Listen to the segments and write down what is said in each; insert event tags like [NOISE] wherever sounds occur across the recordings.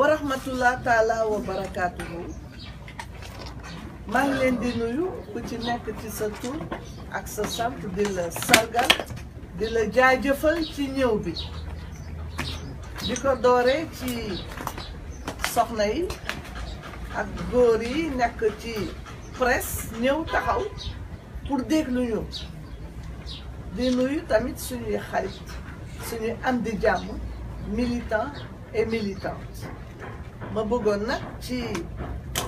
wa rahmatullah taala wa barakaatuhu maa leen di nuyu ku ci nekk ci sa tur ak sa sant di la sargal di la jaajëfal ci ñëw bi di ko dooree ci soxna yi ak góor yi nekk ci presse ñëw taxaw pour déglu di nuyu tamit suñuy xarit suñuy am di jàmm militant et ma bëggoon nag ci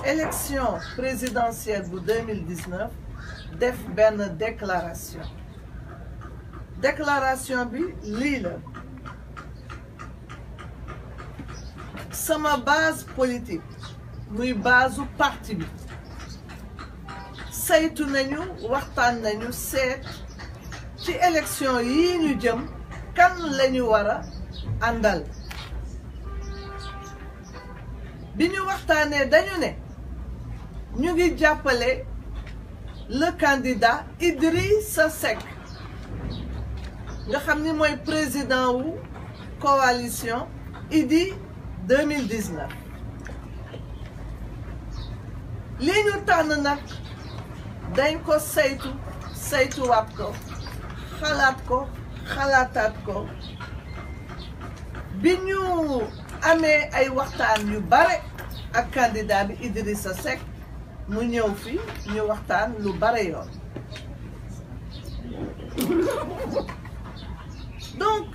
élection présidentielle bu 2019 def benn déclaration déclaration bi lii sama base politique muy base u parti bi saytu nañu waxtaan nañu seet ci élection yi ñu jëm kan lañu ñu war àndal bi ñu waxtaanee dañu ne ñu ngi jàppale le candidat sa Seck nga xam ni mooy président wu coalition Idy 2019 li ñu tànn nag dañ ko saytu saytuwaat ko xalaat ko xalaataat ko bi ñu amee ay waxtaan yu bare ak candidat bi Idrissa Seck mu ñëw fii ñu waxtaan lu bare yoon donc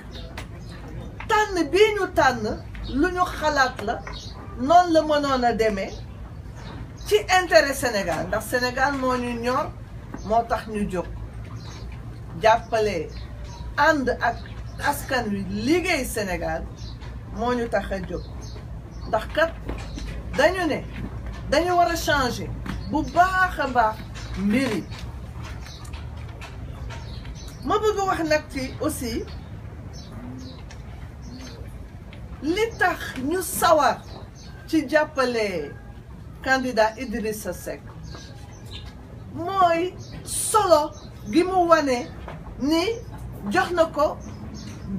tànn bii ñu tànn lu ñu xalaat la noonu la mënoon a demee ci intérêt Sénégal ndax Sénégal moo ñu ñor moo tax ñu jóg jàppale ànd ak askan wi liggéey Sénégal moo ñu tax a jóg ndax kat dañu ne dañu war a changer bu baax a baax mbir yi ma bëgg a wax nag ci aussi li tax ñu sawar ci jàppale candidat Idrissa Seck mooy solo gi mu wane ni jox na ko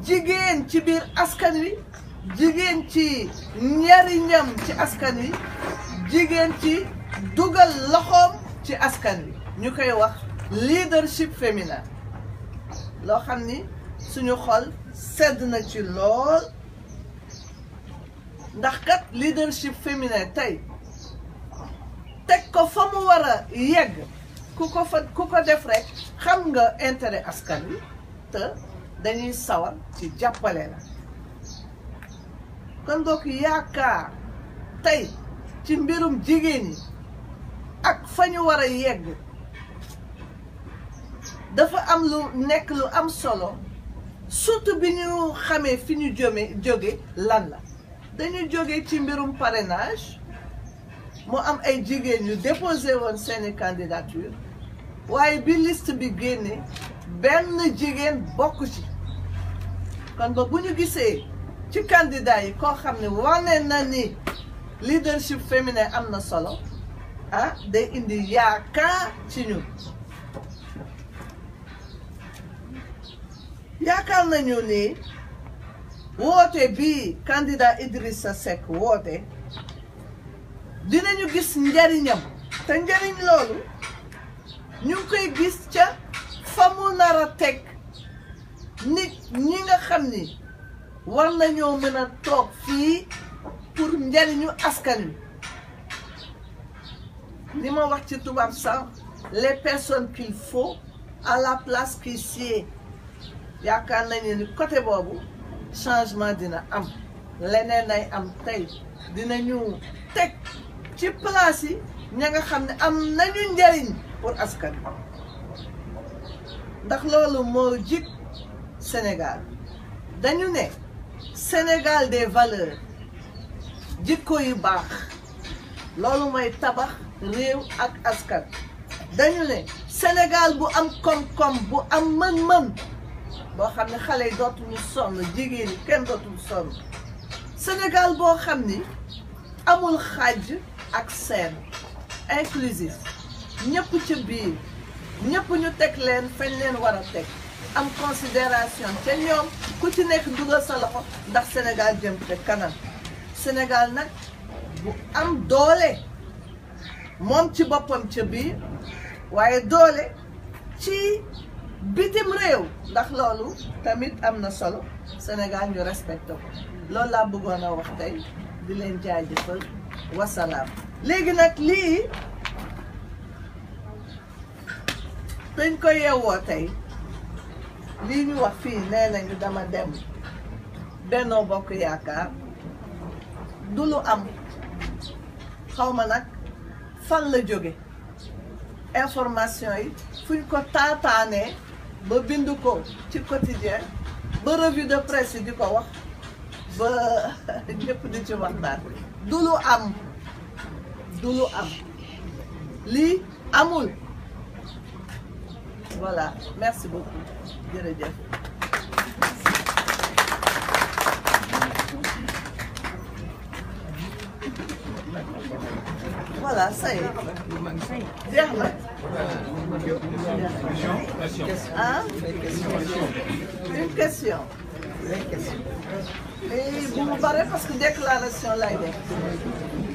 jigéen ci biir askan wi jigéen ci njariñam ci askan yi jigéen ci dugal loxoom ci askan wi ñu koy wax leadership féminin loo xam ni suñu xol sedd na ci lool ndax kat leadership féminin tey teg ko fa mu war a yegg ku ko fa ku ko def rek xam nga intere askan wi te dañuy sawar ci jàppale la kan nga ko yaakaar tey ci mbirum jigéen ñi ak fa ñu war a yegg dafa am lu nekk lu am solo surtout bi ñu xamee fi ñu jome jóge lan la dañu jóge ci mbirum parenage mu am ay jigéen yu déposé woon seeni candidature waaye bi liste bi génnee benn jigéen bokk ci kon bu ñu gisee ci candidat yi koo xam ne wane na ni leadership féminin am na solo ah day indi yaakaar ci ñun yaakaar nañu ni woote bi candidat Idrissa Seck woote dinañu gis njariñam te njariñ loolu ñu koy gis ca fa mu nar a teg nit ñi nga xam ni war nañoo mën a toog fii pour njëriñu askan wi li ma wax ci tubaab sax les personnes qu'il faut à la place qui sied yaakaar nañu ni côté boobu changement dina am leneen ay am tey dinañu teg ci place yi ña nga xam ne am nañu njariñ pour askan wi ndax loolu moo jik Sénégal dañu ne Sénégal de valeurs jikko yu baax loolu mooy tabax réew ak askan dañu ne Sénégal bu am koom-koom bu am mën-mën boo xam ne xale yi dootuñu sonn jigéen yi kenn dootuñu sonn Sénégal boo xam ni amul xaaj ak seen inclusif ñëpp ci biir ñëpp ñu teg leen fañ leen war a teg am considération te ñoom ku ci nekk dugal sa loxo ndax Sénégal jëm te kanam Sénégal nag bu am doole moom ci boppam ca biir waaye doole ci bitim réew ndax loolu tamit am na solo Sénégal ñu respecté ko loolu laa bëggoon a wax tey di leen jaajëfal wasalaam léegi nag lii dañ ko yeewoo tey lii ñu wax fii nee nañu dama dem Benno Bokk Yaakaar du lu am xaw ma nag fan la jóge information yi fuñ ko taataanee ba bind ko ci quotidien ba revue de presse yi di ko wax ba [LAUGHS] ñëpp di ci waxtaan du lu am du lu am lii amul voilà merci beaucoup jërëjëf. voilà ça y est. jeex na. ah. une question. une question. bu mu bare parce que déclaration lay def.